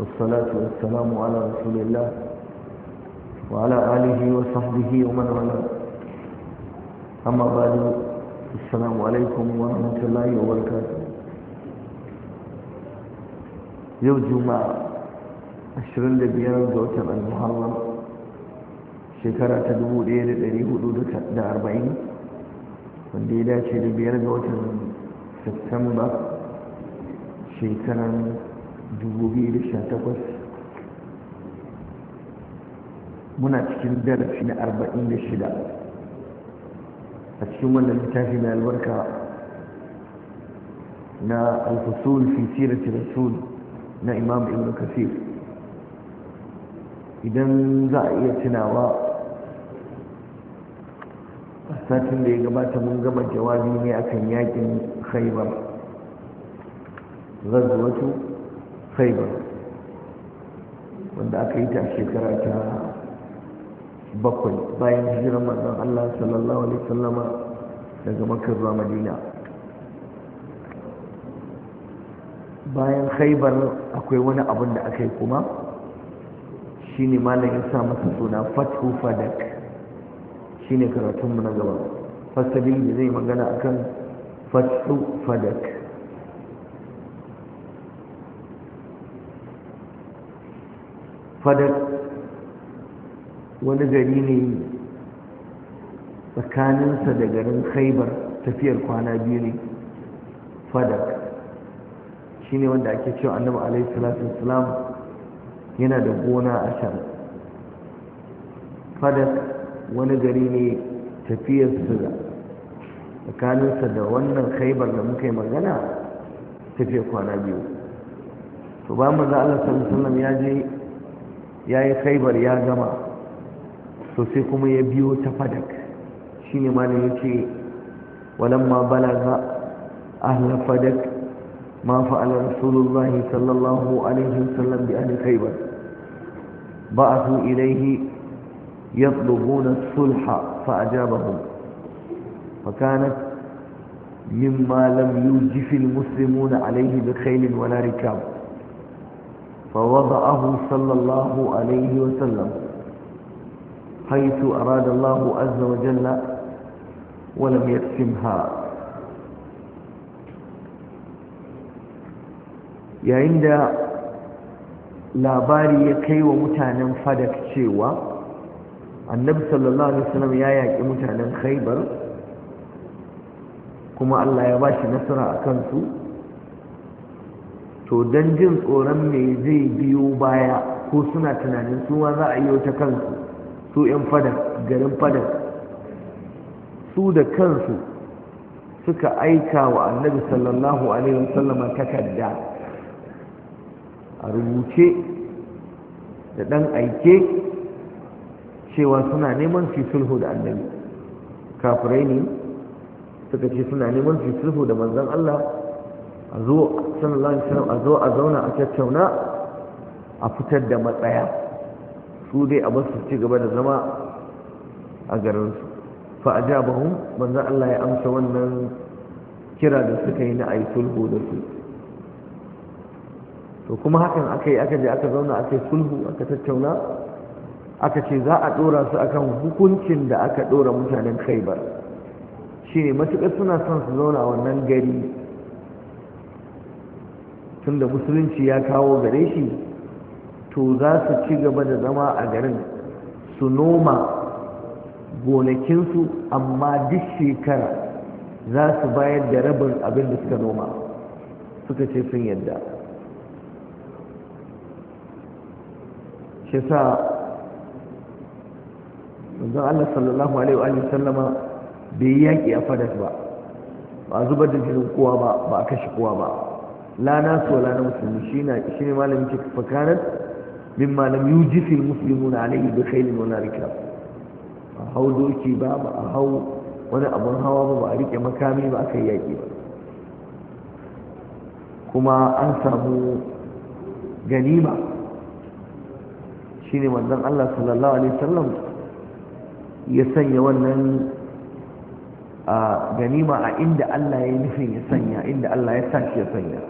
والصلاة والسلام على رسول الله وعلى آله وصحبه ومن والاه أما بعد السلام عليكم ورحمة الله وبركاته يوم جمعة عشرين لبيان دوتر المحرم شكرا تدبو ليل الأريه دودة دا أربعين والليلة شربيان دوتر سبتمبر شكرا 2018 muna cikin darasi na 46 a cikin wannan littafi mai albarka na alfasul fi sirati rasul na imam ibn kasir idan za a iya tunawa A satin da ya gabata mun gama jawabi ne akan yakin khaibar zazzawatu khaibar wanda aka yi ta shekara ta bakwai bayan hijirar manzon Allah sallallahu alaihi Sallama daga makar zuwa madina bayan haibar akwai wani abin da aka yi kuma shi ne ya sa masa suna fathu fadak ne karatunmu na gaba fasalin da zai magana akan fathu fadak fadak wani gari ne tsakaninsa da garin khaibar tafiyar kwana biyu ne fadak shi ne wanda ake cewa annabi alaihi salatu wasalam yana da gona a shan fadak wani gari ne tafiyar da tsakaninsa da wannan khaibar da muka yi magana tafiyar kwana biyu to ba mu za Allah sallallahu alaihi wasallam ya je ya yi khaibar ya gama to sai kuma ya biyo ta fadak shi ne malin yake walamma balaga ahla fadak ma fa'ala rasulullahi sallallahu alaihi wasallam bi ahli khaibar ba'athu ilayhi يطلبون الصلح فأجابهم فكانت مما لم يوجف المسلمون عليه بخيل ولا ركاب فوضعه صلى الله عليه وسلم حيث أراد الله عز وجل ولم يقسمها عند لا باري كي ومتانا فدك شيوا النبي صلى الله عليه وسلم يا ياك متانا خيبر كما الله يباشي نصر أكنتو to don jin tsoron mai zai biyo baya ko suna tunanin suwa za a yi wata kansu su 'yan fadar garin fadar su da kansu suka aika wa annabi sallallahu alaihi wasallama takarda a rubuce da ɗan aike cewa suna neman fi sulhu da annabi kafirai ne suka ce suna neman fi sulhu da manzan Allah a zo a a zauna a tattauna a fitar da matsaya su dai a su ci gaba da zama a garinsu fa ajabahum manzon Allah ya amsa wannan kira da suka yi na yi sulhu da su to kuma hakan aka yi aka je aka zauna aka yi sulhu aka tattauna aka ce za a dora su akan hukuncin da aka dora mutanen Khaibar shine matukar suna son su zauna wannan gari tunda musulunci ya kawo gare shi to za su ci gaba da zama a garin su noma gonakinsu amma duk shekara za su bayar da rabin abin da suka noma suka ce sun yadda shi sa Allah sallallahu alaihi wa sallama bai yaƙi a fadas ba ba zubar da jinin kowa ba ba a kashe kowa ba la su wala na musulmi shi na shi ne malamin ke fakarar min malam yujifi musulmi na alaihi da kailin wani rika a hau doki ba ba a hau wani abun hawa ba ba a rike makami ba aka yi yaƙi ba kuma an samu ganima shine wannan Allah sallallahu alaihi wasallam ya sanya wannan ganima a inda Allah ya nufin ya sanya inda Allah ya sashi ya sanya